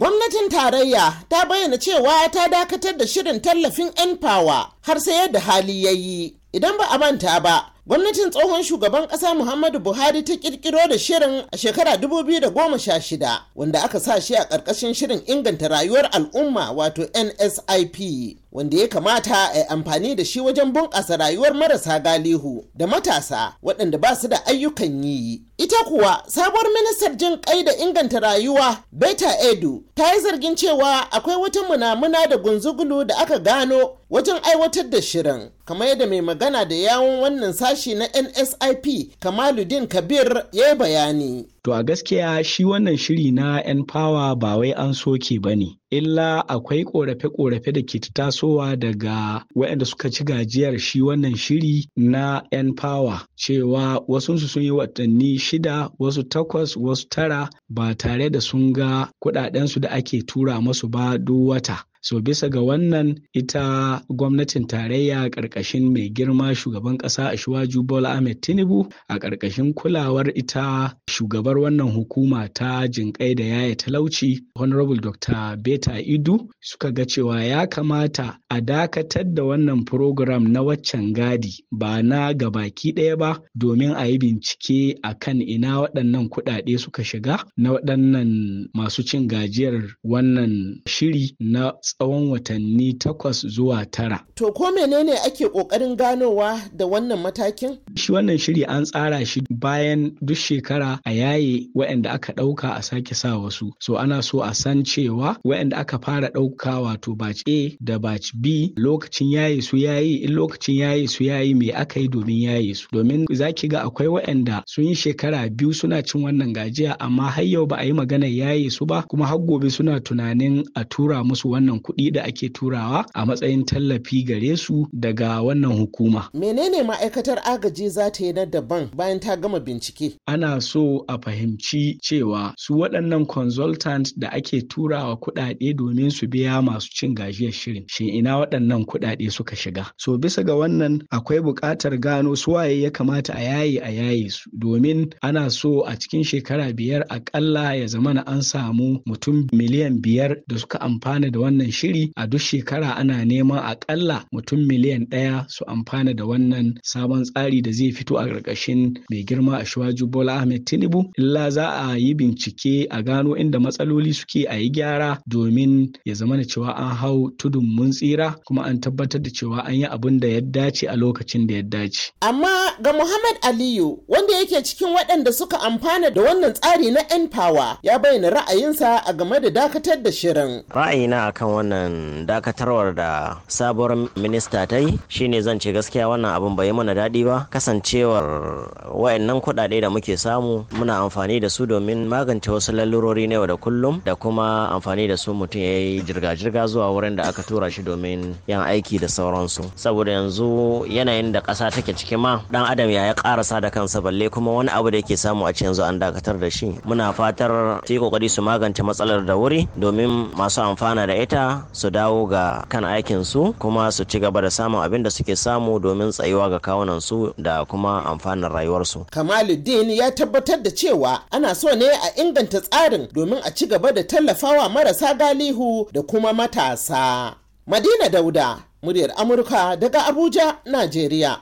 Gwamnatin tarayya ta bayyana cewa ta dakatar da shirin tallafin 'yan fawa har sai yadda hali ya yi. Idan ba a manta ba, Gwamnatin tsohon shugaban ƙasa Muhammadu Buhari ta ƙirƙiro da shirin a shekara 2016 wanda aka sa shi a ƙarƙashin shirin inganta rayuwar al'umma wato NSIP wanda ya kamata a yi amfani da shi wajen bunƙasa rayuwar marasa galihu da matasa waɗanda ba su da ayyukan yi. Ita kuwa sabuwar ministar jin kai da inganta rayuwa Beta Edu ta yi zargin cewa akwai wata munamuna da gunzugulu da aka gano wajen aiwatar da shirin kamar yadda mai magana da yawon wannan sa sashi na nsip kamaluddin kabir ya yi bayani To a gaskiya shi wannan shiri na 'yan fawa ba wai an soke ba ne. Illa akwai korafe-korafe da ke tasowa daga waɗanda suka ci gajiyar shi wannan shiri na 'yan fawa cewa wasu sun yi watanni shida, wasu takwas, wasu tara ba tare da sun ga kuɗaɗensu da ake tura masu ba duk wata. so bisa ga wannan ita gwamnatin tarayya ƙarƙashin mai girma shugaban ƙasa a shuwaju bola ahmed tinubu a ƙarƙashin kulawar ita shugaban shugabar wannan hukuma ta jinƙai da yaya talauci honorable dr beta idu suka ga cewa ya kamata a dakatar da wannan program na waccan gadi ba na ga baki ɗaya ba domin a yi bincike a kan ina waɗannan kuɗaɗe suka shiga na waɗannan masu cin gajiyar wannan shiri na tsawon watanni takwas zuwa tara. To ko menene ake ƙoƙarin ganowa da wannan matakin? Shi wannan shiri an tsara shi bayan duk shekara a yayi raye waɗanda aka ɗauka a sake sa wasu so ana so a san cewa waɗanda aka fara ɗauka wato batch A da batch B lokacin yaye su yayi in lokacin yaye su yayi me aka yi domin yaye su domin zaki ga akwai waɗanda sun yi shekara biyu suna cin wannan gajiya amma har yau ba a yi magana yaye su ba kuma har gobe suna tunanin a tura musu wannan kuɗi da ake turawa a matsayin tallafi gare su daga wannan hukuma menene ma'aikatar agaji za ta yi na daban bayan ta gama bincike ana so a fahimci cewa su waɗannan consultant da ake turawa kuɗaɗe domin su biya masu cin gajiyar shirin shin ina waɗannan kuɗaɗe suka shiga so bisa ga wannan akwai buƙatar gano su waye ya kamata a yayi a yayi su domin ana so a cikin shekara biyar akalla ya zama na an samu mutum miliyan biyar da suka amfana da wannan shiri a duk shekara ana neman akalla mutum miliyan ɗaya su amfana da wannan sabon tsari da zai fito a ƙarƙashin mai girma a Bola Ahmed Tinubu illa za a yi bincike a gano inda matsaloli suke a yi gyara domin ya zama da cewa an hau tudun mun tsira kuma an tabbatar da cewa an yi abin da ya dace a lokacin da ya dace. Amma ga Muhammad Aliyu wanda yake cikin waɗanda suka amfana da wannan tsari na n power ya bayyana ra'ayinsa a game da dakatar da shirin. Ra'ayina akan wannan dakatarwar da sabuwar minista ta yi shine zan ce gaskiya wannan abin bai mana daɗi ba kasancewar wayannan kuɗaɗe da muke samu muna amfani da su domin magance wasu lalurori na yau da kullum da kuma amfani da su mutum ya yi jirga-jirga zuwa wurin da aka tura shi domin yan aiki da sauransu saboda yanzu yanayin da ƙasa take ciki ma dan adam ya ya ƙarasa da kansa balle kuma wani abu da yake samu a yanzu an dakatar da shi muna fatar su kokari su magance matsalar da wuri domin masu amfana da ita su dawo ga kan aikin su kuma su ci gaba da samun abin da suke samu domin tsayuwa ga kawunan su da kuma amfanar rayuwarsu kamaluddin ya tabbatar da cewa cewa ana so ne a inganta tsarin domin a ci gaba da tallafawa marasa galihu da kuma matasa. Madina Dauda, muryar Amurka daga Abuja, Najeriya.